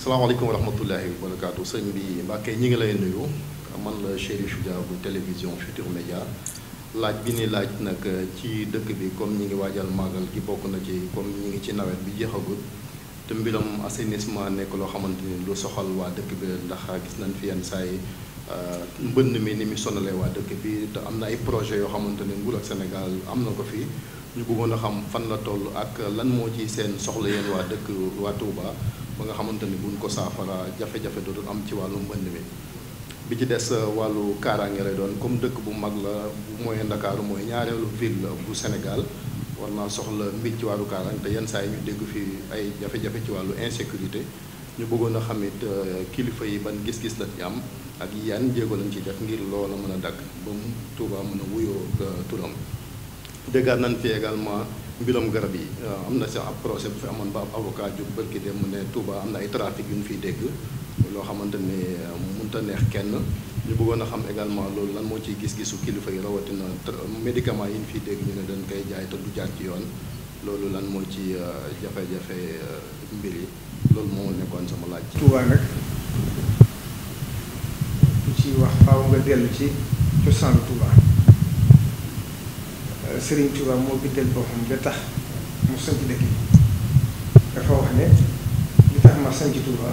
salaamaaleykum wa rahmatullahi wa barakaatu sëñ bi Mbacke ñi ngi lay nuyu man la Chérif Dia bu télévision Futur Média laaj bi ni laaj nag euh, ci dëkk bi comme ñi ngi waajal màggal gi bokk na ci comme ñi ngi ci nawet bi jeexagut te mbiram assainissement nekk loo xamante ni lu soxal waa dëkk bi ndax gis nañ fi yenn saa yi euh, mbënn mi ni mu sonalee waa dëkk bi te am na ay projet yoo xamante ne nguur ak Sénégal am na ko fi ñu bëggoon a xam fan la toll ak lan moo ci seen soxla yéen waa dëkk waa ba nga xamante ni buñ ko saafara jafe-jafe dootul am ci wàllu mbënd mi bi ci des euh, wàllu kaaraange lay doon comme dëkk bu mag la bu mooy Ndakaaru mooy ñaareelu ville bu Sénégal war naa soxla mbir ci wàllu kaaraange te yenn saa yi ñu dégg fii ay jafe-jafe ci wàllu insécurité ñu bëggoon a xamit euh, kilifa yi ban gis-gis la ci am ak yan jéego lañ ci def ngir loola mën a dakk ba mu Tuuba mën a wuyoo euh, turam déggaat nañ fi également mbiram garab yi euh, am na si ab procès bu fi amoon ba ab avocat ju bërki dem mu ne Touba am na ay trafic yu ñu fiy dégg loo xamante ne euh, mënta neex kenn ñu a xam également loolu lan moo ciy gis-gisu kilifa yi rawatina médicament yi ñu fiy dégg ñu ne dañ koy jaay te du jaar ci yoon loolu lan moo ci euh, jafe-jafe mbir yi loolu moo nekkoon sama laaj. Touba nag ku ci wax faaw nga dellu ci cosaanu Touba. Serigne Touba moo biddal boppam ba tax mu sanc dëkk bi dafa wax ne li tax ma sanc Touba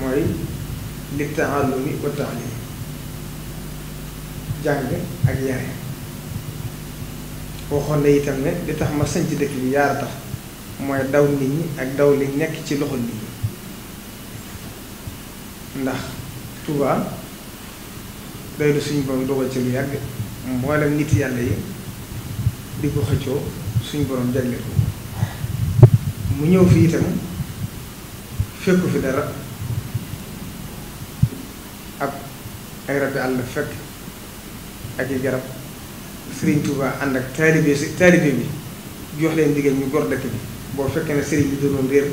mooy li taallumi wa taalim jàng ak yare waxoon na itam ne di tax ma sanc dëkk bi yaar tax mooy daw nit ñi ak daw li nekk ci loxo nit ñi ndax Touba day lu suñu borom dogal ci lu yàgg mboolem nit yàlla yi di ko xëccoo suñu boroom jagleel ko mu ñëw fi itam fekku fi dara ab ay rabi àll fekk ak i garab sëriñ Touba ànd ak taalibe si taalibe bi jox leen ndigal ñu gor dëkk bi boo fekkee ne Serigne bi doon réer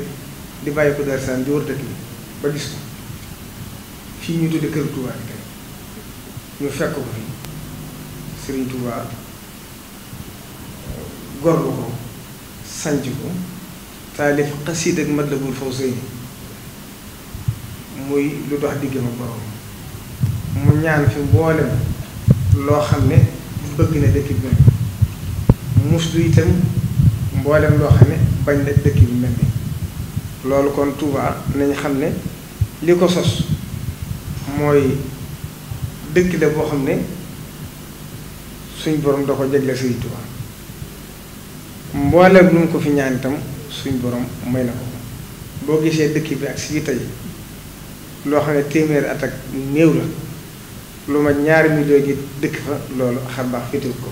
di bàyyi ko Darou Salaam di wër dëkk bi ba gis ko fii ñu tudde kër Touba bi tey ñu fekk ko fi Serigne Touba. غرغو سانجيكو تاليف قصيدة مدلب الفوزين موي لو دوخ ديغي ما من مو نيان في مبولم لو خامني بڬ نا ديك بن موسدو يتم مبولم لو خامني باج نا ديك ميمي لول كون توبا ناني خامني سوس موي ديك لا بو خامني سوني بروم داكو mbooleem lu mu ko fi ñaan itam suñ boroom may na ko boo gisee dëkk bi ak si tey loo xam ne téeméer at ak néew la lu ma ñaari million gi dëkk fa loolu xar baax féetewu ko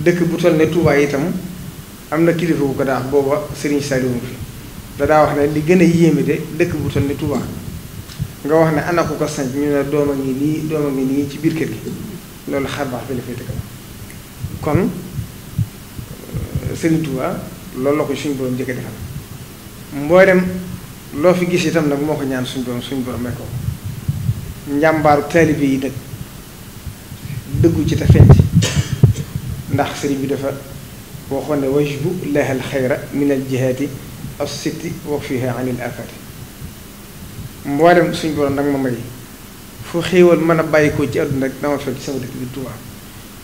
dëkk bu toll ne Touba itam am na kilifa bu ko daax booba Serigne Saliou mu fi ne li gën a de dëkk bu toll ne nga wax ne ana ko ko sanc ñu ne doom nii doom a ngi nii ci biir kër gi loolu xar baax bi kon Serigne Touba loolu la ko suñu borom njëkk a defal mboolem loo fi gis itam nag moo ko ñaan suñu borom suñu borom ko njàmbaaru taalibe yi nag dëggu ci te feeñ ndax sëriñ bi dafa waxoon ne wajbu lahal xayra min al jihaati as sitti wa fiha anil afaati mboolem suñu borom nag ma may fu xéewal mën a bàyyikoo ci àdduna rek dama fekk ci sama dëkk bi Touba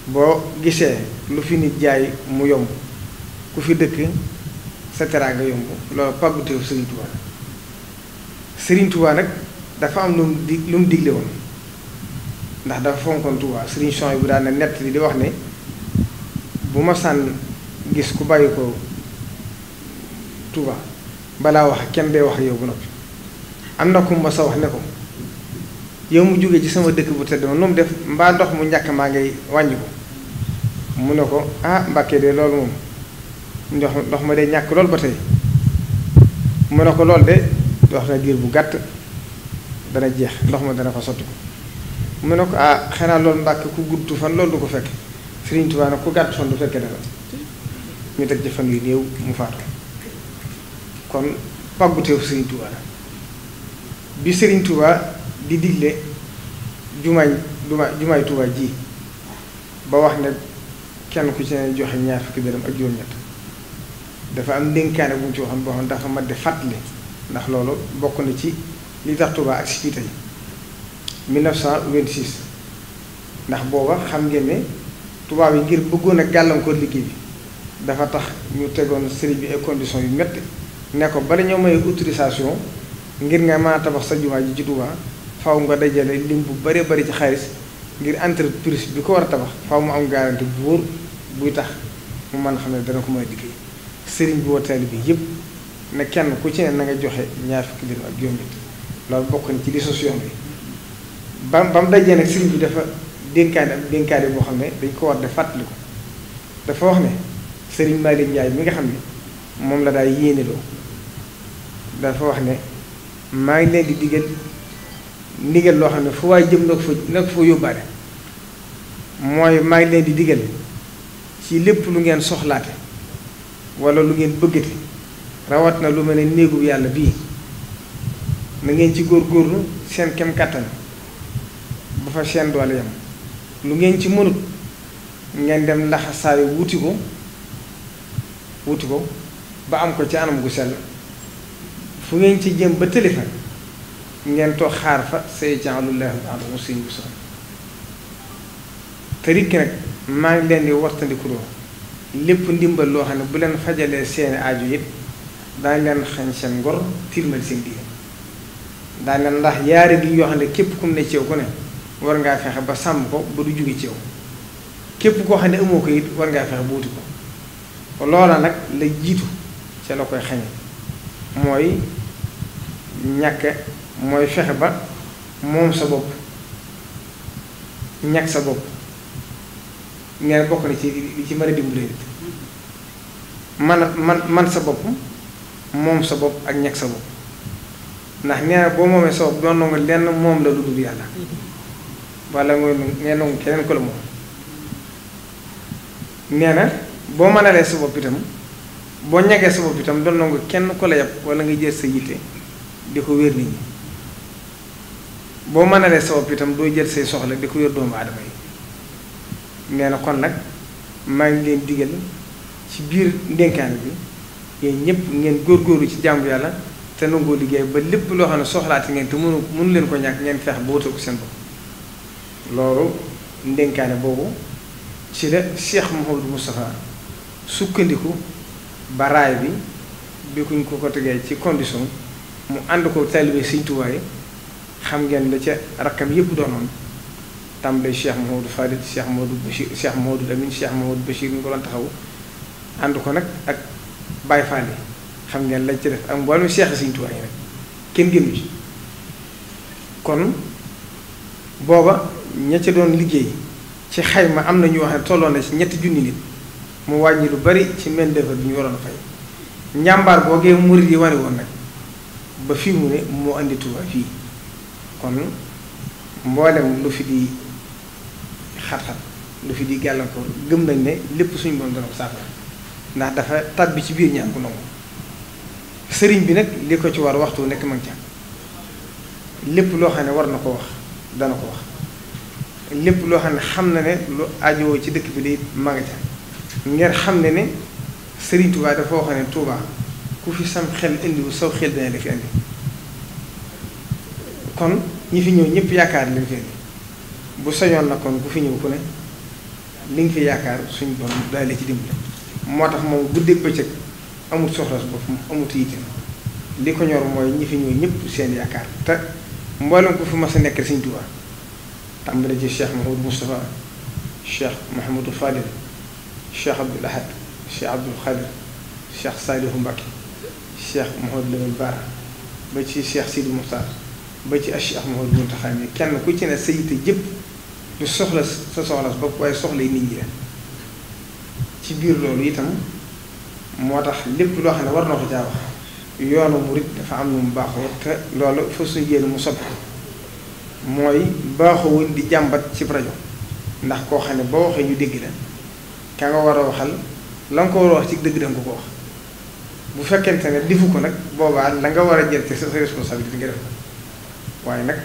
boo gisee lu fi nit jaay mu yomb ku fi dëkk sa teraanga yomb loolu pàgguteefu Serigne Touba Serigne Touba nag dafa am lu mu di lu mu digle woon ndax dafa fonkoon Touba Serigne Son bu daan nett li di wax ne bu ma sànn gis ku bàyyi ko Touba balaa wax kenn day wax yow bu noppi am na ku sa wax ne ko yow mu jógee ci sama dëkk bu tedd ma nu mu def mbaa ndox mu ñàkk maa ngay wàññi ko mu ne ko ah Mbàkke de loolu moom ndox ndox ma de ñàkk lool ba tey mu ne ko lool de wax na ngir bu gàtt dana jeex ndox ma dana ko sotti ko mu ne ko ah xanaa loolu mbàkk ku gudd fan loolu du ko fekk Sëriñ Tuubaa nag ku gàtt fan du fekkee dara ñu teg ci fan yu néew mu faatu kon pàgguteefu Sëriñ Tuubaa la bi Sëriñ Tuubaa di digle jumaay jumaay jumaay Tuubaa ji ba wax ne kenn ku ci ne joxe ñaar fukki dërëm ak juróom-ñett dafa am ndénkaane bu mu ci waxoon boo xam dafa ma de fàttali ndax loolu bokk na ci li tax Touba ak si fii tey 1926 ndax booba xam ngeen ne tubaab yi ngir bëggoon a gàllankoor liggéey bi dafa tax ñu tegoon sëriñ bi ay conditions yu métti ne ko bala ñoo may autorisation ngir nga maa a tabax sa jumaa ji ji Touba faw nga dajale lim bu bëree bëri ci xaalis ngir entreprise bi ko war a tabax faw mu am garantie bu wóor buy tax mu mën xam ne dana ko mën a liggéey. sëriñ bi woo bi yëpp ne kenn ku ci ne na nga joxe ñaar fukki dërëm ak juróom ñett loolu bokk na ci li sos bi ba ba mu dajee nag sëriñ bi dafa dénkaane ak dénkaane boo xam ne dañ ko war de fàttali ko dafa wax ne sëriñ Malick Ndiaye mi nga xam ne moom la daal yéeneloo dafa wax ne maa ngi leen di digal ndigal loo xam ne fu waay jëm nag fa nag fa mooy maa ngi leen di digal ci lépp lu ngeen soxlaate wala lu ngeen bëggati rawat na lu mel ne néegu yàlla bii na ngeen ci góorgóorlu seen kem kàttan ba fa seen doole yam lu ngeen ci mënut ngeen dem laxasaayu wuti ko wuti ko ba am ko ci anam gu sell fu ngeen ci jëm ba tëli ngeen toog xaar fa say jaalullahu alamu seen bu te rikki nag maa ngi leen di wartandikuloo lépp ndimbal loo xam ne bu leen fajalee seeni aajo it daañu leen xañ seen ngor tiirmal seen diine daañu ndax yaari gi yoo xam ne képp ku ne ceew ku ne war ngaa fexe ba sàmm ko ba du jóge ceew képp koo xam ne amoo ko it war ngaa fexe buuti ko loola nag la jiitu ca la koy xañe mooy ñàkk mooy fexe ba moom sa bopp ñàkk sa bopp ñaar bokk na ci li ci mëna a nit man man man sa bop mom sa bop ak ñek sa bop ndax ñaar bo momé sa do no nga lenn mom la dudul yalla wala ngoy ngay nangu keneen ko la mom nee bo boo mënalee sa bop itam bo ñegee sa bop itam no nga kenn ko la yapp wala nga jël sa yité di ko wër nit ñi boo mënalee sa bop itam do jël say soxla di ko wër doomu aadama nee na kon nag maa ngeen leen ci biir ndénkaan bi yéen ñëpp ngeen góor góorgóorlu ci jàmm yàlla te nangoo liggéey ba lépp loo xam ne soxlaati ngeen te mënu mënu leen ko ñàkk ngeen feex ba wutal ko seen bopp loolu ndénkaane boobu ci la Cheikh Mouhamadou Moustapha sukkandiku ba raay bi bi kuñ ko ko tegee ci condition mu ànd ko taalibe Sëñ Tuubaa xam ngeen la ca rakkam yëpp doonoon tàmbalee Cheikh Mouhamadou Farid Cheikh Mouhamadou Bachir Cheikh Mouhamadou Amine Cheikh Mouhamadou Bachir ñu ko doon taxaw ànd ko nak ak Baye Fall xam ngeen la ci def am walu Cheikh seigne touba yi nak ken génnu ci kon boba ña ci doon liggey ci xayma am na ñu waxe tolo na ci ñet junni nit mu wañi lu bari ci main d'œuvre bi ñu waron fay ñambar boge mouride yi wari won nak ba fi mu ne mo andi touba fi kon mboolem lu fi di. xat-xat lu fi di gàllankoor gëm nañ ne lépp suñu borom dana ko saafara ndax dafa tàbbi ci biir ñaan ku nangu sëriñ bi nag li ko ci war waxtu nekk ma ngi ca lépp loo xam ne war na ko wax dana ko wax lépp loo xam ne xam na ne lu ajoo ci dëkk bi day ma nga ca ngeen xam ne ne sëriñ Touba dafa wax ne Touba ku fi sam xel indiwu saw xel dana la fi indi kon ñi fi ñëw ñëpp yaakaar leen fi indi بسيان لكم كفيني وكنه لين في يكار سين بن دالي تديم ما تفهم بدك بتشك أمو تصرف بفهم أمو تيجي ليكون يوم ما يني فيني ونيب بسيان يكار تا مبالغ كفوا ما سنة كرسين دوا تامبر جي الشيخ محمود مصطفى الشيخ محمود الفادل الشيخ عبد الأحد الشيخ عبد الخالد الشيخ سعيد همبكي الشيخ محمود لبنبار بتشي الشيخ سيد مصطفى بتشي الشيخ محمود منتخب كان كل سنة سيد جب lu soxla sa soxla bopp waaye soxla yi nit ñi la ci biir loolu itam moo tax lépp loo xam ne war na ko caa wax yoonu murit dafa am lu mu baaxoo te loolu fa suñ yéen mu soppi mooy baaxoo di jàmbat ci rajo ndax koo xam ne boo waxee ñu dégg la ka nga war a waxal la nga ko war a wax ci dëgg danga ko wax bu fekkente ne difu ko nag boobaa la nga war a jël ci sa responsabilité nga def ko waaye nag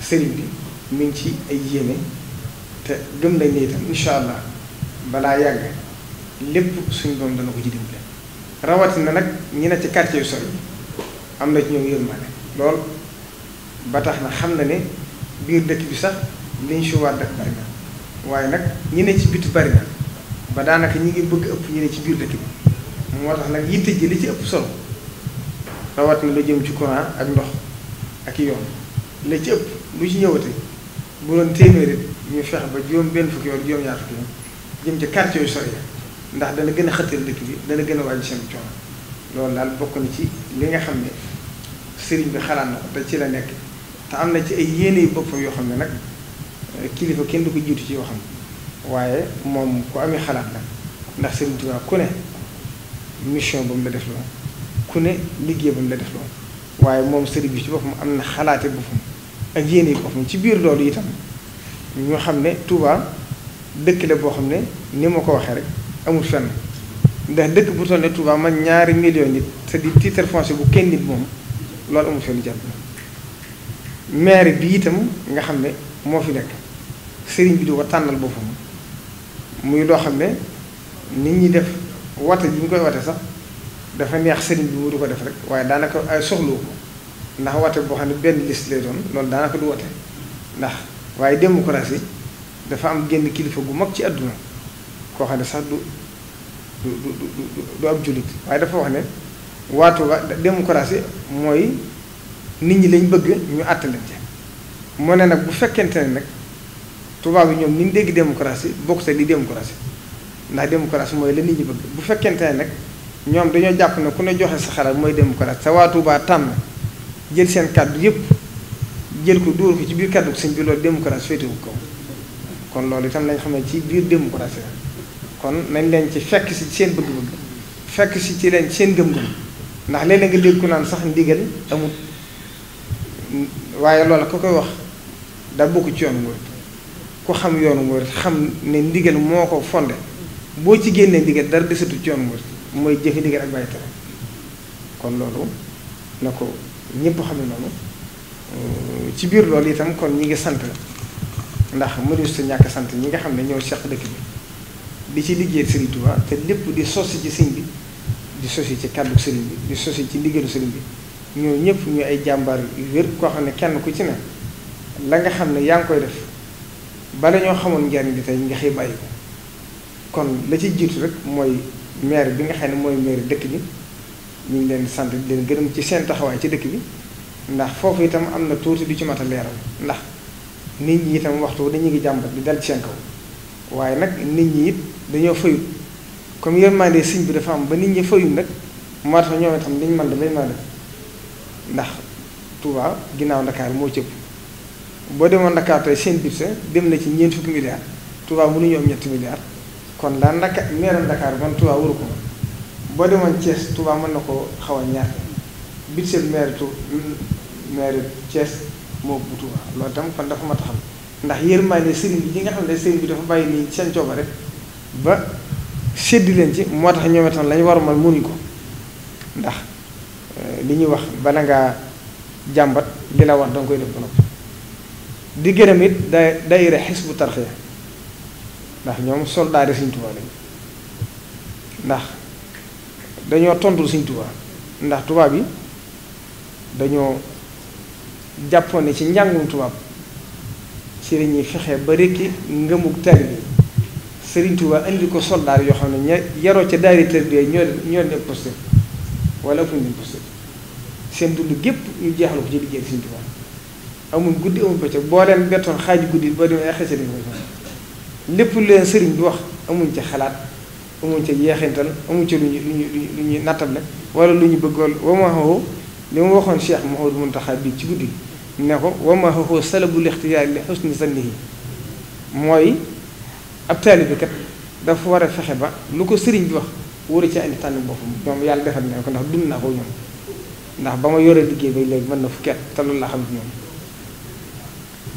sëriñ bi. mi ngi ci ay yéene te gëm nañ ne itam incha allah balaa yàgg lépp suñu doom dana ko ci dimbale na nag ñi ne ci quartier yu sori am na ci ñoom yërmande lool ba tax na xam na ne biir dëkk bi sax liñ si war def bari na waaye nag ñi ne ci biti bari na ba daanaka ñi ngi bëgg ëpp ñi ne ci biir dëkk bi moo tax nag yitte ji li ci ëpp rawat na lu jëm ci courant ak ndox ak yoon la ci ëpp lu ci ñëwate بولن تيمير يفخ بجيوم بين فكير جيوم يعرفون جيم تكرت يسوي ده ده نجنا خطير دكتي ده نجنا واجسام تون لو لا بكون شيء لين يخمن سيرين بخلان نقطة شيء تعمل شيء ييني بق في يخمن لك كل فكين دك جوت شيء يخمن واي مم قامي خلان لك ده سيرين تون كونه مشون بمدرسلون كونه لقيه بمدرسلون واي مم سيرين بيشبك أنا خلاتي بفهم ak yéene boppam ci biir loolu itam ñu xam ne Touba dëkk la boo xam ne ni ma ko waxee rek amul fenn ndax dëkk bu toll ne Touba man ñaari million nit c'est-à-dire titre bu kenn nit moom loolu amul fenn jàpp maire bi itam nga xam ne moo fi nekk sëriñ bi di ko tànnal boppam muy loo xam ne nit ñi def wate bi ñu koy wate sax dafa neex sëriñ bi mu du ko def rek waaye daanaka ay soxlu ndax woote boo xam ne benn liste lay doon loolu daanaka du woote ndax waaye démocratie dafa am génn kilifa gu mag ci àdduna koo xam ne sax du du du du ab jullit waaye dafa wax ne waatu wa démocratie mooy nit ñi lañ bëgg ñu àttale ci moo ne nag bu fekkente ne nag tubaab yi ñoom ni ñu dégg démocratie bokkut ak di démocratie ndax démocratie mooy la nit ñi bëgg bu fekkente ne nag ñoom dañoo jàpp ne ku ne joxe sa xalaat mooy démocratie sa waa Tuubaa jël seen kàddu yëpp jël ko dóor ko ci biir kàddu sëñ bi loolu démocratie féetewu ko kon loolu itam lañ xam ci biir démocratie la kon nañ leen ci fekk si seen bëgg-bëgg fekk si ci leen seen gëm ndax léeg-léeg nga dégg ku sax ndigal amut waaye loolu ko koy wax da bokk ci yoonu murit ku xam yoonu xam ne ndigal moo ko fondé boo ci génnee ndigal dara desatu ci yoonu murit mooy jëfe ak bàyyi tere kon loolu na ko ñëpp xam ne noonu ci biir loolu itam kon ñi ngi sant ndax mënees sa ñàkk sant ñi nga xam ne ñoo seq dëkk bi di ci liggéey Serigne Touba te lépp di sosi ci sëñ bi di sosi ci kàddu sëriñ bi di sosi ci liggéeyu sëriñ bi ñoo ñëpp ñu ay jàmbaar yu wér koo xam ne kenn ku ci ne la nga xam ne yaa ngi koy def bala ñoo xamoon njariñ bi tey nga xëy bàyyi kon la ci jiitu rek mooy maire bi nga xam ne mooy maire dëkk bi ñu ngi leen di sant di leen gërëm ci seen taxawaay ci dëkk bi ndax foofu itam am na tuuti du ci mat a leeral ndax nit ñi itam waxtu dañu ngi jàmbat bi dal ci seen kaw waaye nag nit ñi it dañoo fayut comme yërmande siñ bi dafa am ba nit ñi fayut nag moo tax ñoom tam liñ mën def lañ mën a def ndax Touba ginnaaw Ndakaar moo cëpp boo demoon Ndakaar tey seen budget dem na ci ñeent fukki milliards Touba nu am ñetti milliards kon daa ndaka meeram Ndakaar ban Touba waru bode man Thiès Touba mën na ko xaw a ñàkk budget maire tu maire Thiès mo bu Touba lo tam kon dafa ma taxam ndax ne serigne bi gi nga xam ne bi dafa bayyi ni sen rek ba seddi len ci moo tax ñoom itam lañu war mal mën ko ndax euh, li ñuy wax ba ngaa nga jambat la wax dang koy def ko di gërem it day daayira hisbu tarxiya ndax ñoom soldaari Sëriñ touba lañ ndax dañoo tontul suñ tubaab ndax tubaab yi dañoo jàppoon ne ci njàngum tubaab ci lañuy fexe ba rekki ngëmug taalibe Sëriñ Tuubaa indi ko soldaar yoo xam ne ña yaroo ca daari tarbiya wala ëpp nañ posté seen dund gépp ñu jeexal ko ci liggéey Sëriñ Tuubaa amul guddi amul bëccëg boo leen bettoon xaaju ba demee ay lépp leen sëriñ bi wax amuñ ci xalaat amuñ ca jeexintal amuñ ca lu ñu lu ñu nattable wala lu ñu bëggoon wamaaxoo li mu waxoon Cheikh Mouhamadou Mountakha bi ci guddi ne ko wamaaxoo salabul ixtiyaar li xusni zannihi mooy ab taalibe kat dafa war a fexe ba lu ko sëriñ bi wax wóor ci andi tànn boppam ñoom yàlla defal na ko ndax dund naa ko ñoom ndax ba ma yore liggéey ba léegi mën na fukki at te loolu laa xam ñoom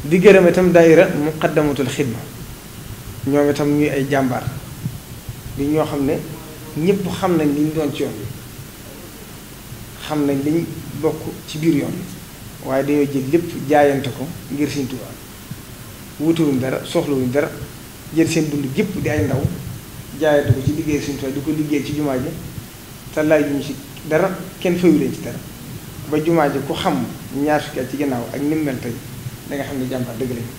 di gërëm itam daayira muqaddamatul xidma ñoom itam ñuy ay jàmbaar. di ñoo xam ne ñëpp xam nañ li doon ci yoon xam nañ li bokk ci biir yoon waaye dañoo jël lépp jaayante ko ngir Sëriñ Tuubaa wutewuñ dara soxlawuñ dara jël seen dund gépp di ay ndaw jaayante ko ci liggéey Sëriñ Tuubaa di ko liggéey ci jumaa ji te laaj ñu ci dara kenn fayu leen ci dara ba jumaa ji ku xam ñaar fukki ci ginnaaw ak ni mu mel xam ne jàmbaar dëgg lañu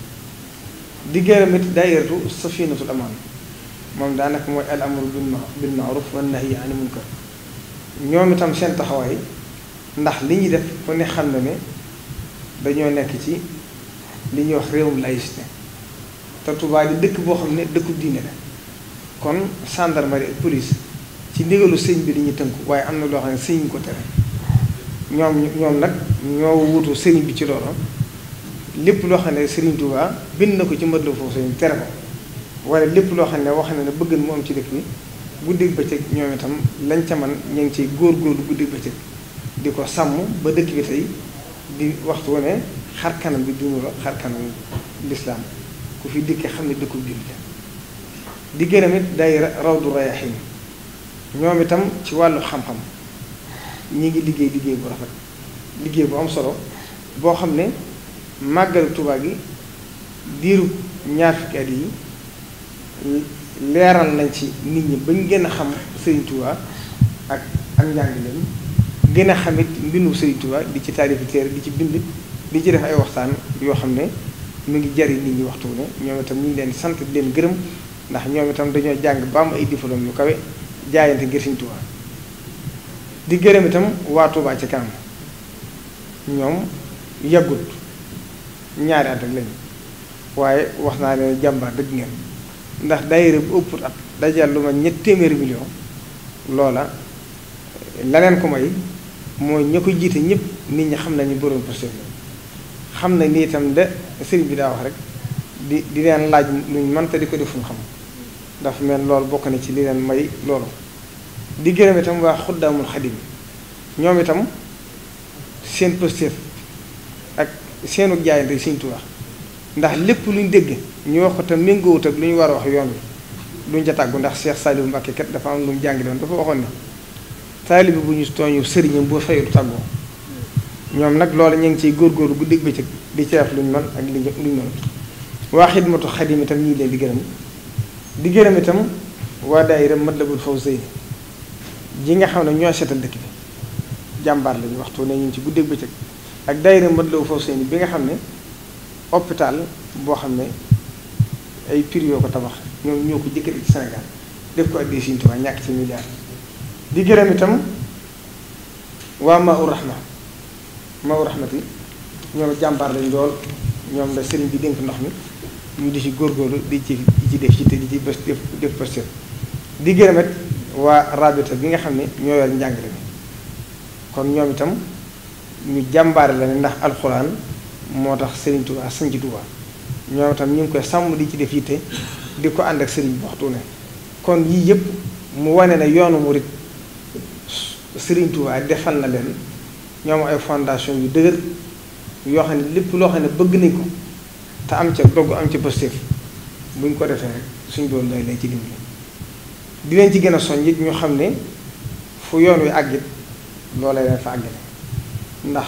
di gërëm it daayiratu Safinatul Amaan mom da nak moy al amru bil ma'ruf wan nahyi 'anil munkar ñoom itam seen taxaway ndax li ñuy def ku ne xam na ne dañoo nekk ci li ñuy wax réewum laïcité te tuba di dëkk boo xam ne dëkkub diine la kon gendarmerie ak police ci ndigalu sëñ bi li ñuy tënku waaye am na loo xam ne sëñ ko tere ñoom ñoom nag ñoo wutu sëriñ bi ci loolu lépp loo xam ne sëriñ Touba bind na ko ci mën la foofu sëñ tere ko wala lépp loo xam ne wax na ne bëgg mu am ci dëkk bi guddeeg bëccëg ñoom itam lañ ca man ñu ngi ciy góorgóorlu guddeeg bëccëg di ko sàmm ba dëkk bi tey di waxtu wu xarkanam xar kanam bi duuru la xar lislaam ku fi dikkee xam ne dëkkub jullit la di gërëm it day rawdu rayaxiin ñoom itam ci wàllu xam-xam ñi ngi liggéey liggéey bu rafet liggéey bu am solo boo xam ne màggalu Tuubaa gi diiru ñaar fukki at yi leeral nañ ci nit ñi bañ gën a xam Serigne Touba ak ak njàng leen gën a xamit mbindu Serigne Touba di ci taarifi téere di ci bind di ci def ay waxtaan yoo xam ne mu ngi jariñ nit ñi waxtu ne ñoom itam ñu ngi leen sant di leen gërëm ndax ñoom itam dañoo jàng ba am ay diplôme yu kawe jaayante ngir Serigne Touba di gërëm itam waa Touba ci kanam ñoom yàggut ñaari at ak waaye wax naa leen jàmbaar dëgg ngeen ndax daayira bu ëpp at dajal lu ma ñett téeméeri million loola leneen ko may mooy ña ko jiite ñëpp nit ñi xam nañu borom posté xam na ni itam de sëriñ bi daa wax rek di di leen laaj luñ mënta di ko def fuñ xam dafa mel loolu bokk na ci li leen may loolu. di gërëm itam waa xuddaamul xadim ñoom itam seen posté ak seenu jaayante Sëriñ Tuubaa ndax lépp luñ dégg ñu wax ko te méngoowut ak lu ñu war a wax yoon wi duñ ca tàggu ndax seex Cheikh Saliou Mbacké kat dafa am lu mu jàngi doon dafa waxoon ne taalibe bu ñu tooñu sëriñam boo fayul tàggoo ñoom nag loolu ñu ngi ciy góorgóorlu bu dégg bëccëg di ci def luñ mën ak luñ luñ mën waa xidmatu xadim itam ñii leen di gërëm di gërëm itam waa daayira Matlabul Fawzayni ji nga xam ne ñoo seetal dëkk bi jàmbaar lañu waxtoo ne ñu ngi ci guddeeg bëccëg ak daayira Matlabul Fawzayni bi nga xam ne hôpital boo xam ne ay pir ko tabax ñoom ñoo ko jëkkati ci Sénégal def ko addee Sëriñ Tuubaa ñàkk ci milliard di gërëm itam waa Maa-u Rahma Maa-u Rahmati ñoom jàmbaar lañ lool ñoom la sëriñ bi dénk ndox mi ñu di ci góorgóorlu di ci di ci def ci te di ci bés def def posture di gërëm waa rabita bi nga xam ne ñoo yor njàngale bi kon ñoom itam ñu jàmbaare la ndax alxuraan moo tax Serigne Touba sanc Touba ñoom itam ñu ngi koy sàmm di ci def yitte di ko ànd ak Serigne bi waxtu ne kon yii yëpp mu wane na yoonu murit Serigne Touba defal na leen ñoom ay fondation yu dëgër yoo xam ne lépp loo xam ne bëgg nañ ko te am ca dogg am ca positif buñ ko defee rek suñ doon lay lay ci dimbali dinañ ci gën a soññ it ñu xam ne fu yoon wi àggit loolee leen fa àggale ndax.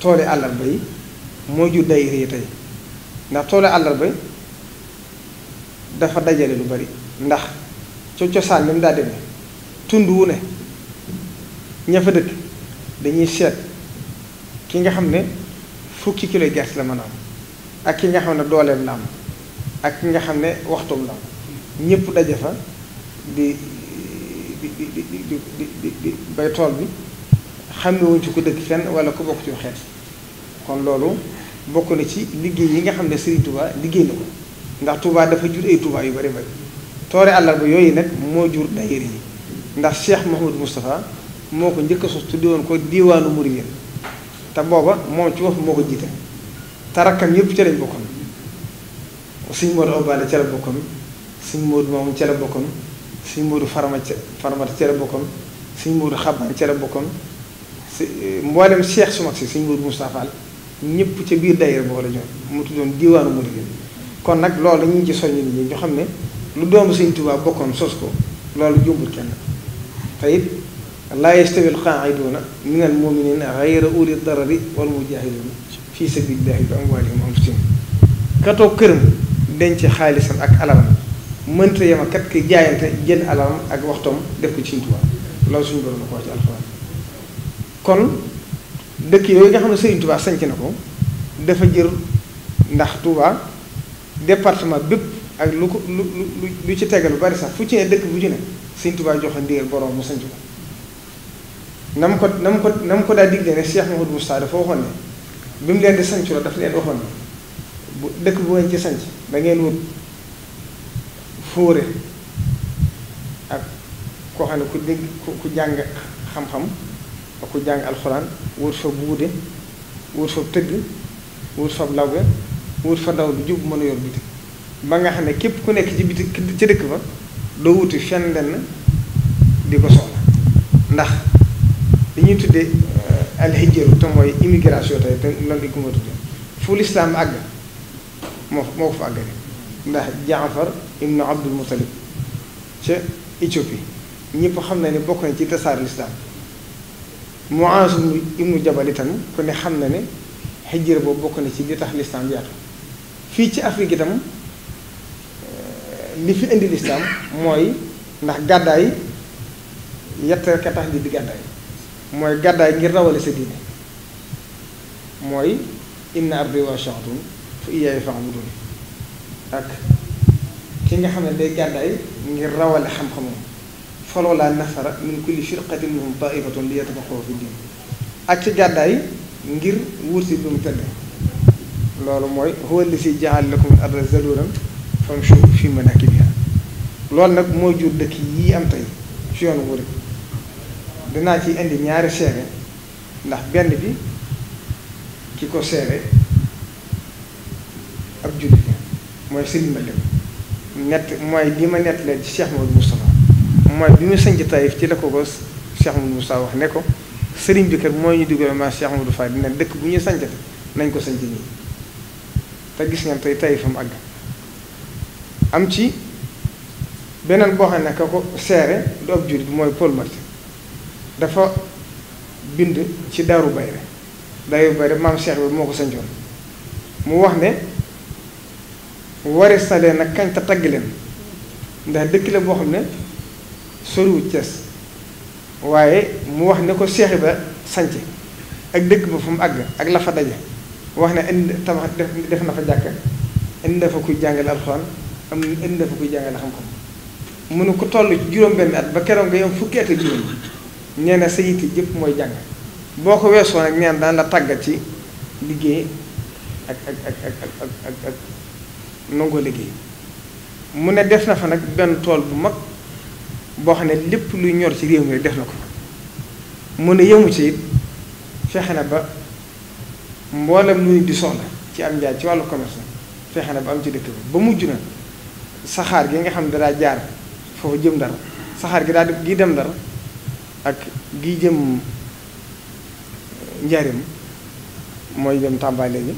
toole àllarba yi moo jur daayira yi ndax toole àllarba dafa dajale lu bari ndax co cosaan ni mu daa demee tund wu ne ña fa dëkk dañuy seet ki nga xam ne fukki kilo gerte la mën a am ak ki nga xam ne dooleem la ak ki nga xam ne waxtum la ñépp daje fa di di di di di di di bay tool bi xam xàmmewuñ ci ko dëkk fenn wala ko bokk ci xeet kon loolu bokk na ci liggéey yi nga xam ne Serigne Touba liggéey na ko ndax tubaa dafa jur ay tubaa yu bari bari toore àllarba yooyu nag moo jur daayira yi ndax Cheikh Mouhamadou Moustapha moo ko njëkk a sos tudde woon ko diwaanu Mouride te booba moom ci wax moo ko jiite te rakkam yëpp cere lañ bokkoon suñ Modou Obale ca la bokkoon suñ Modou Mamoun ca bokkon bokkoon suñ Modou Farma ca bokkoon suñ Modou Xaban ca bokkoon mboolem seex su mag si sëñ Mourou Moustapha ñëpp ca biir daayira boo la jox mu tuddoon diwaanu Mouride kon nag loolu ñu ngi ci soññ nit ñi ñu xam ne lu doomu sëñ Tuubaa bokkoon sos ko loolu jumbul kenn te it laa yastawil qaa'iduuna minal mu'miniina ghayra ulii darari wal mujaahiduuna fii sabiilillaahi bi amwaalihim wa anfusihim ka toog këram denc xaalisam ak alalam mënta yem kat ki jaayante jël alalam ak waxtoom def ko ci Sëñ Tuubaa loolu suñu borom la ko wax ci alxuraan kon dëkk yooyu nga xam ne Serigne Touba sanc na ko dafa jër ndax Touba departement bépp ak lu ko lu lu lu ci tegal lu bari sax fu ci ne dëkk bu ci ne Serigne Touba joxe ndigal borom mu sanc ko na mu ko na mu ko na mu ko daa digle ne Cheikh Mouhamadou Moustapha dafa waxoon ne bi mu leen di sanc la dafa leen waxoon ne bu dëkk bu ngeen ci sanc da ngeen wut fóore ak koo xam ne ku dégg ku jàng xam-xam ku jàng alxuraan wut fa buude wut fa tëgg wut fa lawbe wut fa ndaw lu jub mën a yor bitig ba nga xam ne képp ku nekk ci bitig ci dëkk ba doo wuti fenn lenn di ko soxla ndax li ñuy tuddee alxijaru te mooy immigration tey te noonu di ko ma tuddee fu lislaam àgg moo moo ko fa àggale ndax Jaafar ibnu Abdul Muttalib ca Éthiopie ñëpp xam na ne bokk na ci tasaar lislaam Muaaz ibnu Jabal itam ku ne xam na ne hijra boobu bokk na ci li tax lislaam yaatu fii ci Afrique itam eh, li fi indi lislaam mooy ndax gàddaay yett ka tax di gàddaay mooy gàddaay ngir rawale sa diine mooy inna ardi waasi'atun fa iyyaaya fa'budun ak ki nga xam ne day gàddaay ngir rawale xam-xamam faloola nafara min kulli firqatin minhum taifatun li yatafaqqahu fi din ak ci gàddaay ngir wuur si lu mu tëdd loolu mooy huwa allazi ja'ala lakum al-arda zalulan famshu fi manakibiha loolu nag mooy jur dëkk yi am tey ci yoon wuure dinaa ci indi ñaari seere ndax benn bi ki ko seere ab jullit mooy Serigne Malick nett mooy li ma nett leen ci Cheikh Mawlid mooy bi mu sënc Taïf ci la ko ko Cheikh Amadou Moussa wax ne ko sëriñ bi kat mooy ñu digal ma Cheikh Amadou Fall dina dëkk bu ñuy sàncate nañ ko sànci nii te gis ngeen tey Taïf am àgg am ci beneen boo xam ne ka ko seere du ab jurit mooy Paul Marty dafa bind ci Daaru Bayre Daaru Bayre maam Cheikh bi moo ko sàncoon mu wax ne waris na leen ak kañ te tagg leen ndax dëkk la boo xam ne soriwul Cees waaye mu wax ne ko cheikh ba sanc ak dëkk ba fu mu àgg ak la fa daje wax ne indi tabax def na fa jàkk indi na fa kuy jàngal alxuraan am indi na fa kuy jangal xam xam-xam mu ne ku toll ci juróom-benn at ba keroog nga yow fukki at ak juróom nee na sa yitte jëpp mooy jàng boo ko weesoo nag ñaan daan la tàggat ci liggéey ak ak ak ak ak ak nongo liggéey mu ne def na fa nag benn tool bu mag boo xam ne lépp luy ñor ci réew mi def na ko mu a yemu ci it fexe na ba mboolem lu nit di soxla ci am njaay ci wàllu commerce fexe na ba am ci dëkk ba mujj na saxaar gi nga xam ne daa jaar foofu jëm dara saxaar gi daa gi dem dara ak gi jëm njaarim mooy jëm Tamba léegi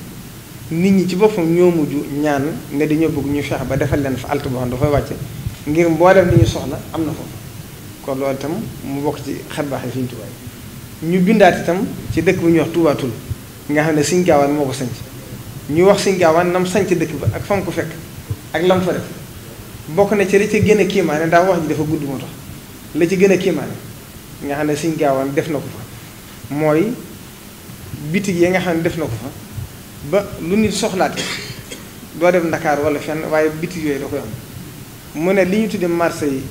nit ñi ci boppam ñoo mujj ñaan ne dañoo bëgg ñu fexe ba defal leen fa alt boo xam dafay wàcce ngir mboolem li ñu soxla am na foofu kon loolu itam mu bokk ci xarbaax yi fi ñu ñu bindaat itam ci dëkk bu ñuy wax Tuubaa nga xam ne Sëñ Gaawaan moo ko sanc ñu wax Sëñ Gaawaan nam sanc dëkk ba ak fam ko fekk ak lam fa def bokk na ci la ci gën a kiimaane ndax wax ji dafa gudd moo la ci gën a kiimaane nga xam ne Sëñ Gaawaan def na ko fa mooy bitig yi nga xam ne def na ko fa ba lu nit soxlaate doo dem Ndakaar wala fenn waaye bitig yooyu da koy am mu ne li ñu tuddee marché yi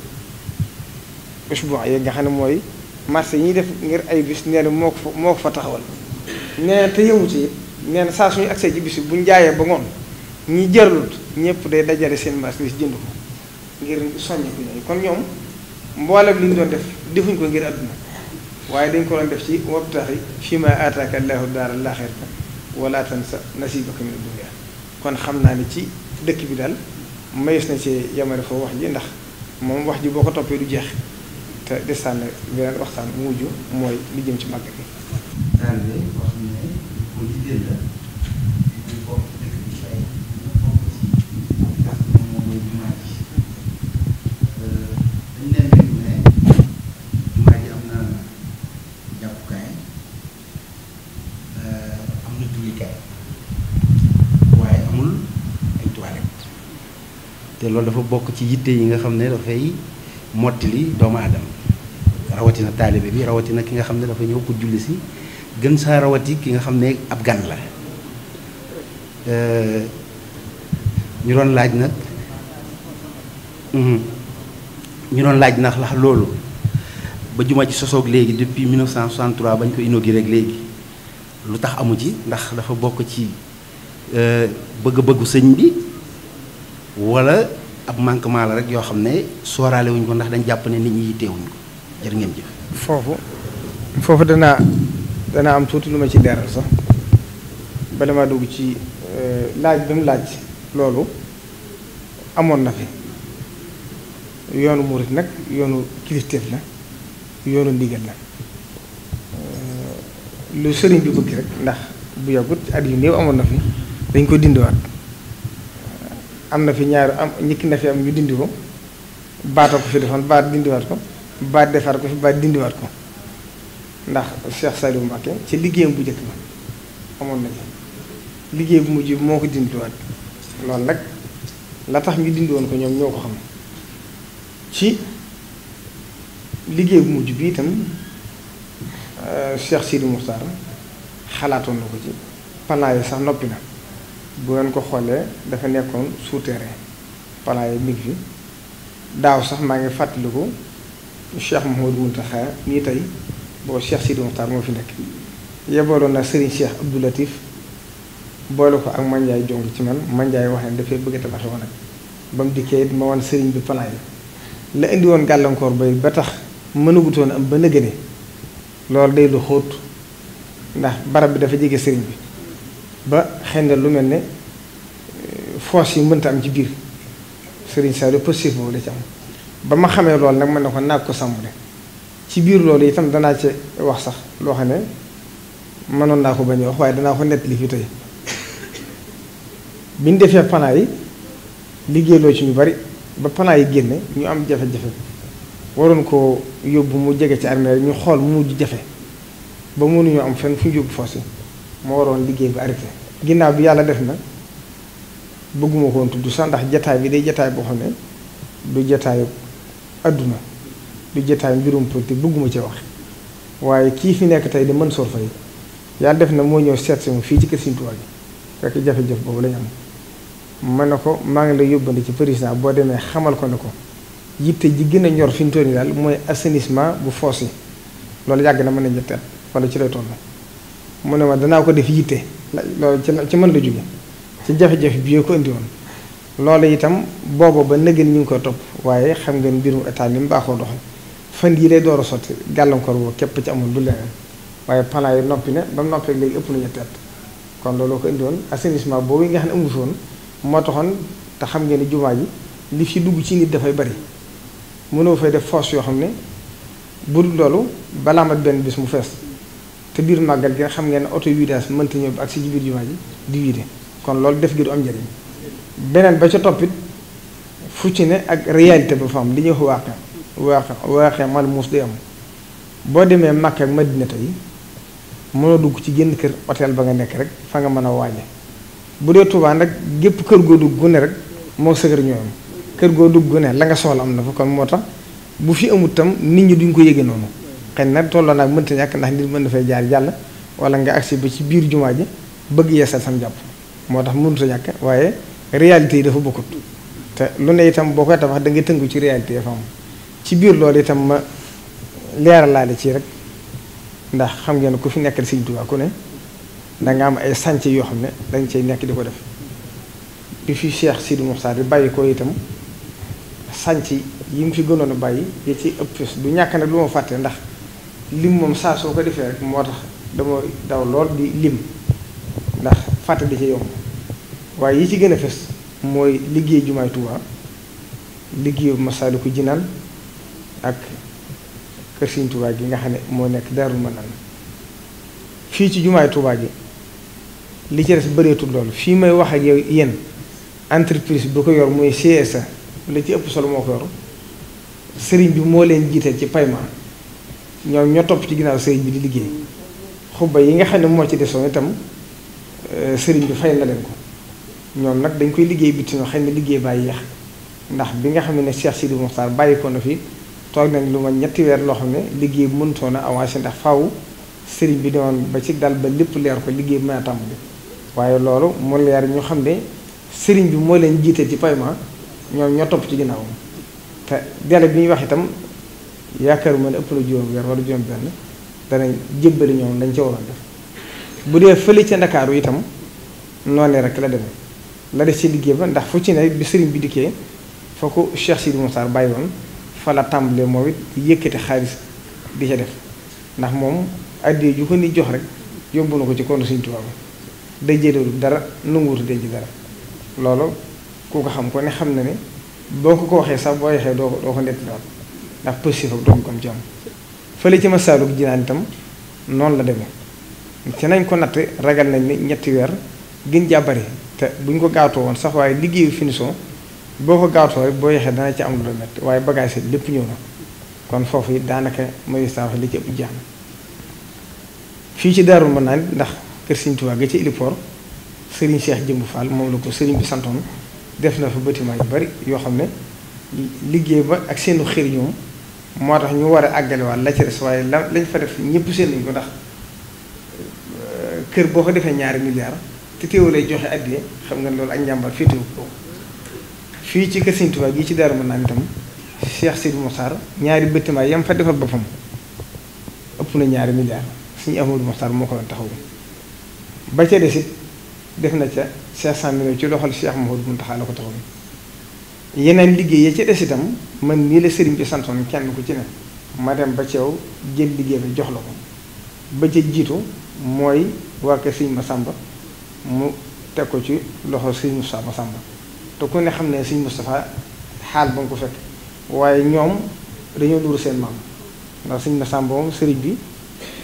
usbuuc yi nga xam ne mooy marché yi ñuy def ngir ay bis nee na moo ko fa moo ko fa taxawal nee na te yëngu ci nee na saa suñu accès ci bis bi buñ jaayee ba ngoon ñi jëralut ñëpp day dajale seen marchandise jënd ko ngir soññ ko ñooñu kon ñoom mboolem li ñu doon def defuñ ko ngir àdduna waaye dañ ko doon def ci wabtaxi fi ma aataaka allahu daara laaxirata wala tansa nasibaka min dunya kon xam naa ne ci dëkk bi daal mayes na ci yamale foofu wax ji ndax moom wax ji boo ko toppee du jeex te desaan na waxtaan mu mujj mooy li jëm ci màgg bi. liggéey loolu dafa bokk ci yitte yi nga xam ne dafay li doomu aadama rawatina taalibe bi rawatina ki nga xam ne dafa ñëw ko julli si gën sa rawati ki nga xam ne ab gan la euh, ñu doon laaj nag mhm, ñu doon laaj ndax lax loolu ba juma ji sosoog léegi depuis 1963 bañ ko inauguré rek léegi lu tax amu ci ndax dafa bokk ci euh, bëgg-bëggu sëñ bi wala ab manquement la rek yoo xam ne sooraale wuñ ko ndax dañ jàpp ne nit ñi yitteewuñ ko jërë ngeen jëf. foofu foofu danaa danaa am tuuti lu ma ci leeral sax bala maa dugg ci euh, laaj bi mu laaj loolu amoon na fi yoonu murit nag yoonu kilifteef la yoonu ndigal la euh, lu sëriñ bi bëgg rek ndax bu yàggut at yu néew amoon na fi dañ ko dindiwaat. am na fi ñaar am ñikki na fi am ñu dindi ko baata ko fi defoon baat dindiwaat ko baat defar ko fi baat dindiwaat ko ndax Cheikh Saliou Mbacké ci liggéeyam bu njëkk ba amoon na ci liggéey bu mujj moo ko dindiwaat loolu nag la tax ñu dindi woon ko ñoom ñoo ko xam ci liggéey bu mujj bi itam euh, Cheikh Sidi Moustapha xalaatoon ko ci panaa yi sax noppi na bu ngeen ko xoolee dafa nekkoon souterrain palaa yi mi ngi fi daaw sax maa ngi fàttaliku Cheikh Mouhamadou Mountakha nii tey boobu Cheikh Sidi Mokhtar moo fi nekk yebaloon na Serigne Cheikh Abdou ko ak Mandiaye jong ci man Mandiaye wax ne dafay bëgg a tabax woon ak ba mu dikkee it ma bi plan yi la indi woon gàllankoor bay ba tax mënagutoon am ba nëgëne loolu day lu xóot ndax barab bi dafa jege Serigne bi. ba xëy na lu mel ne euh, force yi mënta am ci biir Serigne Saliou positif boobu la ci am ba ma xamee loolu nag mën na ko nàkk ko sàmm ci biir loolu yi itam danaa ci wax sax loo xam ne mënoon naa ko bañ wax waaye danaa ko nettali fii tey bi ñu defee panaa yi liggéeyloo ci ñu bari ba panaa yi génne ñu am jafe-jafe waroon ko yóbbu mu jege ci armée ñu xool mu mujj jafe ba mënuñu am fenn fu ñu yóbbu force yi moo waroon liggéey bi arrêté ginnaaw bi yàlla def na bëgguma ko woon tudd sax ndax jataay bi day jataay boo xam ne du jataay àdduna du jataayu mbirum politique bëgguma ci wax waaye kii fi nekk tey di Mansour Faye yàlla def na moo ñëw seet si mu fii ci kër Sëriñ Tuubaa bi fekk jafe-jafe boobu lañ am mën na ko maa ngi lay yóbbandi ci président boo demee xamal ko ne ko yitte ji gën a ñor fi ñu toll daal mooy assainissement bu foos yi loolu yàgg na mën na ñetteel wala ci lay toll. mu ne ma danaa ko def yitte loolu ci man la jóge ci jafe-jafe bi ko indi woon loolu itam booba ba nëgën ñu ngi koy topp waaye xam nga mbir mu état ni mu baaxoo doxal fan yii lay door a sotti gàllankoor boobu képp ci amul du leneen waaye plan yi noppi ne ba mu noppee léegi ëpp na ñetti kon loolu ko indi woon assainissement boobu nga xam ne amu fi woon moo taxoon te xam nga ni jumaa ji li fi dugg ci nit dafay bari mënoo fay def force yoo xam ne bu loolu balaa mat benn bis mu fees. te biir màggal gi nga xam ngeen ne oto vidange mënta ñëw ak si biir jumaa yi di wiide kon loolu def gi du am njëriñ beneen ba ca toppit fu ci ne ak réalité bu fa am li ñuy wax waaqe waaqe waaqe am boo demee Makka ak Madina tey mënoo dugg ci génn kër hôtel ba nga nekk rek fa nga mën a waañe bu dee Tuubaa nag gépp kër goo dugg gune rek moo sëgër ñoo am kër goo dugg gu ne la nga soxla am na fa kon moo tax bu fi amut tam nit ñi duñ ko yëge noonu xeyna na nak mën ta ñak ndax nit mën na fay jaar jall wala nga aksi ba ci biir juma ji bëgg yeesal sam japp motax mën ta ñak waye réalité dafa bokku te lu ne itam bokku tax da nga tënku ci réalité fam ci biir lool itam ma leeralaale ci rek ndax xam ngeen ku fi nekkal seigne touba ku ne da nga am ay sànce yo xamne ne dañ cey nekk diko def bi fi Cheikh sidou Moxtaar bi bàyyi ko itam sànc yi mu fi gënon bayyi bàyyi ci ëpp du ñàkk na lu ma fàtte ndax lim moom saa soo ko defee rek moo tax dama daw lool di lim ndax fàtte di ci yomb waaye yi ci gën a fes mooy liggéey jumaay Tuubaa liggéeyu ko Jinaan ak kër Sëriñ Tuubaa gi nga xam ne moo nekk Daarul Manaan fii ci jumaay Tuubaa gi li ci des bëreetul loolu fii may wax ak yow yéen entreprise bu ko yor muy sa la ci ëpp solo moo ko yor sëriñ bi moo leen jiite ci payman ñoom ñoo topp ci ginnaaw sëriñ bi di liggéey xubba yi nga xam ne moo ci desoon itam euh, sëriñ bi fay na leen ko ñoom nag dañ koy liggéey bitti ñoo xam ne liggéey bàyyi ndax bi nga xam ne Cheikh Sidi Mokhtar bàyyi ko na fi toog nañ lu ma ñetti weer loo xam ne liggéey bi a avancé ndax faaw sëriñ bi demoon ba ci dal ba lépp leer ko liggéey bi mën a tàmbali waaye loolu mu leer ñu xam ne sëriñ bi moo leen jiitee ci paiement ñoom ñoo topp ci ginnaawam te délai bi ñuy wax itam yaakaar ma ne ëpp na juróom weer benn danañ jébbali ñoom dañ ca waroon def bu dee fële ca ndakaaru itam noonee rek la demee la def ci liggéey ba ndax fu ci ne bi sëriñ bi dikkee foo ko Cheikh Sidi bàyyi woon fa la tàmbalee moom it yëkkati xaalis di ca def ndax moom addee ju ko ni jox rek yóbbu na ko ci kon Sëriñ Tuubaa ba day jëleelu dara nanguwutu denc dara loolu ku ko xam ko ne xam na ne boo ko ko waxee sax boo waxee doo ko doo ko nettaliwaat ndax positif ak doom ko am ci ma fële ci Masaalikul Jinaan itam noonu la demee te nañ ko natt ragal nañ ni ñetti weer gën jaa te buñ ko gaatoo woon sax waaye liggéeyu finition boo ko gaatoo boo yexee dana ci am lu la waaye bagage yi lépp ñëw na kon foofu it daanaka magistrat li ci ëpp jaan fii ci Daarul Manaan ndax kër Sëriñ Tuubaa ga ci héliport Serigne Cheikh Jëmb Fall moom la ko Serigne bi santoon def na fa bâtiment yu bari yoo xam ne liggéey ba ak seenu xër moo tax ñu war a àggaliwaat la ci des waaye la lañ fa def ñëpp seen nañ ko ndax kër boo ko defee ñaari milliards te teewul lay joxe addiya xam nga loolu ak njàmbar féetewu ko fii ci kër Sëñ Tuubaa gi ci Daaru Marnaan itam Cheikh Sidi Mokhtar ñaari bâtiment yam fa defal boppam ëpp na ñaari milliards suñ Amadou Mokhtar moo ko doon taxawu ba ca des def na ca 500 millions ci loxol Cheikh Mouhamadou Mountakha la ko taxawu. yeneen liggéey ya ci des itam man nii la sëriñ bi santoon kenn ko ci ne ma dem ba ceew jël liggéey bi jox la ko ba ca jiitu mooy waa kër sëriñ Masamba mu teg ko ci loxo sëriñ Moustapha Masamba te ku ne xam ne sëriñ Moustapha xaal ba nga ko fekk waaye ñoom dañoo duuru seen maam ndax sëriñ Masamba moom sëriñ bi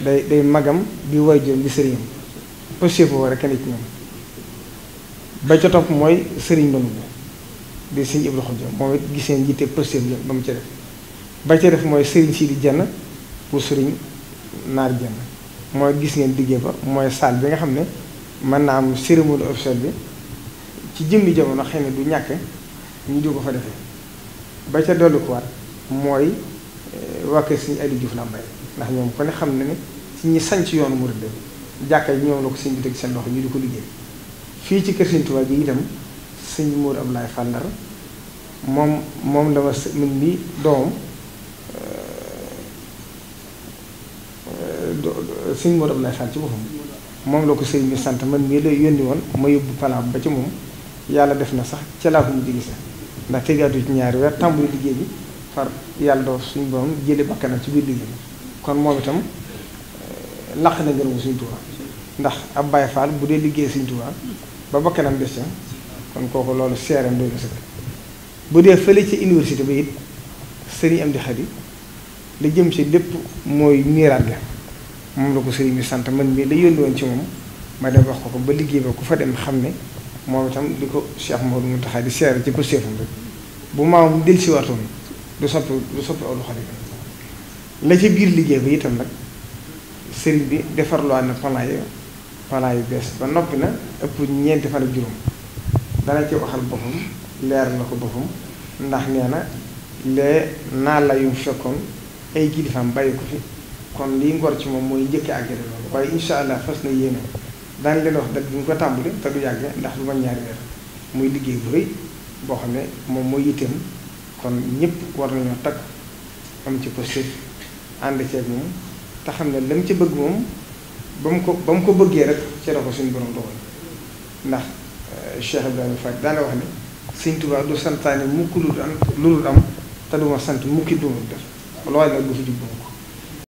day day magam di waajuram di sëriñam pëstéefoo war a kenn ci ñoom ba ca mooy sëriñ Manoumbe di sëñ Ibra Xujja moom it gis ngeen jiite pëstéef la ba mu ca def ba ca def mooy sëriñ Sidi Jenn bu sëriñ Naar jën mooy gis ngeen liggéey ba mooy saal bi nga xam ne mën naa am cérémonie officielle bi ci jëmmi jamono xëy na du ñàkk ñu di ko fa defee ba ca dolli mooy eh, waa kër sëñ Aliou Diouf Lambaye ndax ñoom ko ne xam ne ci ñi sanc yoonu murid jàkka yi ñoom la ko sëñ bi teg seen loxo ñu di ko liggéey fii ci kër sëñ Tuubaa gi itam sëñ Modou Abdoulaye Fall Ndar moom moom la ma së man mii doomam euh, sëñ Modou ci boppam moom la ko sëñ bi sant man mii la yónni woon ma yóbbu palaam ba ci moom yàlla def na sax ca laa ko mu jigi sax ndax tegaatu ci ñaari weer tàmbali liggéey bi far yàlla doo suñu borom jële bakkanam ci biir liggéey kon moom itam laq na ngërëmu suñu Tuubaa ndax ab Baay Faal bu dee liggéey suñu Tuubaa ba bakkanam des ca kon kooku loolu seeram doy na sëkk bu dee fële ci université bi it sëriñ am di xadi la jëm ci lépp mooy miiraat ga moom la ko sëriñ bi sant man mii la yónni woon ci moom ma dem wax ko ko ba liggéey ba ku fa dem xam ne moom itam li ko Cheikh Mawdo mu taxaa di seere ci ko seefam rek bu maamam del si waatoon du soppi du soppi aw loxo la ca biir liggéey bi itam nag sëriñ bi defar lu na plan yi plan yu bees ba noppi na ëpp ñeenti fan ak juróom dana ci waxal boppam leer na ko boppam ndax nee na lee naa la yum fekkoon ay kilifaam bàyyi ko fi kon liy ngor ci moom mooy njëkk àggale loolu waaye incha allah fas na yéene daan leen wax dëgg bu ñu ko tàmbali te du yàgg ndax lu ma ñaari weer muy liggéey bu rëy boo xam ne moom mooy yitteem kon ñëpp war nañoo takk am ci ko séef ànd ceeg moom te xam ne lam ci bëgg moom ba mu ko ba mu ko bëggee rek ci la ko suñu borom dogal ndax Cheikh Ibrahima Fall daana wax ne Sëñ Tuubaa du santaane mukk lu dul am te duma sant mukki duma def loolu nag du fi jub